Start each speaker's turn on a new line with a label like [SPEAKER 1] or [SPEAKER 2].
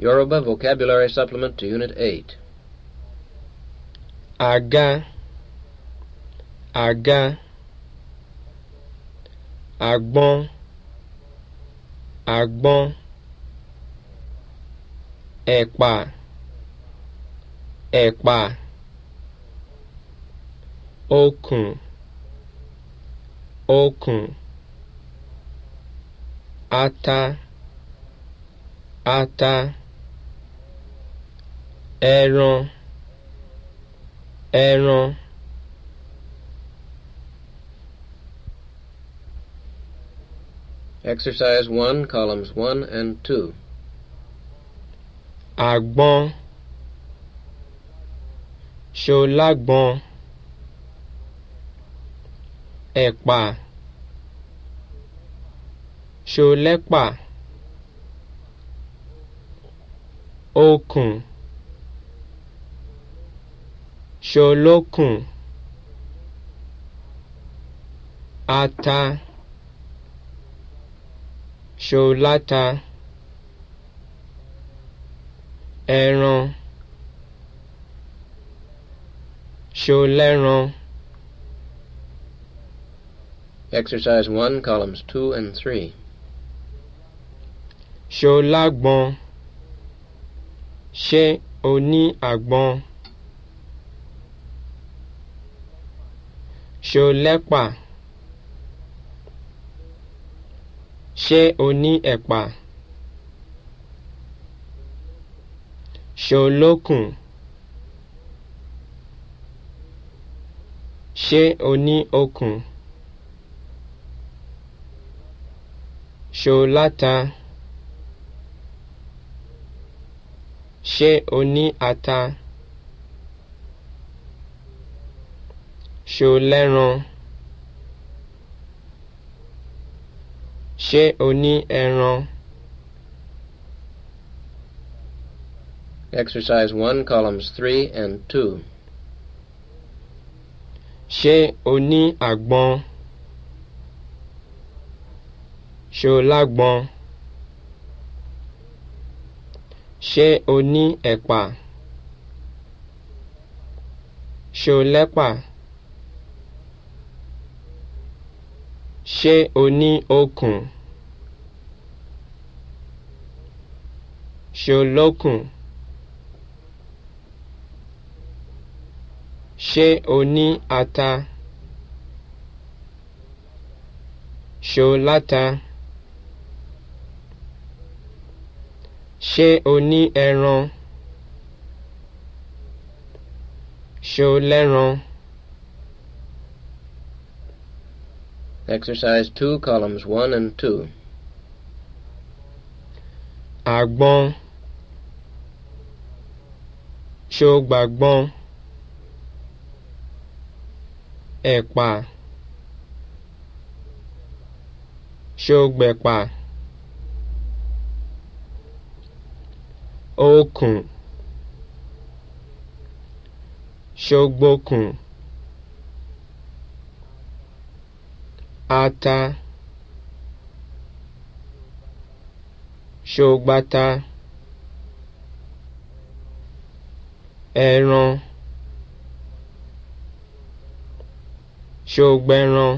[SPEAKER 1] Yoruba
[SPEAKER 2] Vocabulary Supplement to Unit 8.
[SPEAKER 1] Aga. Aga. Agbon. Agbon. ẹ̀pà ẹ̀pà Okun. Okun. ata ata. Aaron. Aaron.
[SPEAKER 2] Exercise 1, columns 1 and 2.
[SPEAKER 1] Àgbọn Ṣolágbọn Ẹ̀pà Ṣolẹ́pà Okùn. ṣọlọ́kùn ata ṣọláta ẹran ṣọlẹ́ran. Exercise one, columns two and three. Ṣọlágbọn ṣé o ní àgbọn? Ṣo lẹ́pà? Ṣé o ní ẹ̀pà? Ṣo lókùn? Ṣé o ní okùn? Ṣo láta? Ṣé o ní ata? Ṣo lẹ́ran? Ṣé o ní ẹran?
[SPEAKER 2] Exercise 1, columns 3 and 2.
[SPEAKER 1] Ṣé o ní àgbọn? Ṣo lágbọn? Ṣé o ní ẹ̀pà? Ṣo lẹ́pà? Ṣé o ní okùn? Ṣo lókùn? Ṣé o ní ata? Ṣo láta? Ṣé o ní ẹran? Ṣo lẹ́ran?
[SPEAKER 2] Exercise
[SPEAKER 1] 2, columns
[SPEAKER 2] 1 and 2.
[SPEAKER 1] Agbon. Shogbagbon. Ẹ̀pà. Ṣogbẹ̀pà. Okùn. Ṣogbókùn. ata ṣogbata ẹran ṣogbẹran.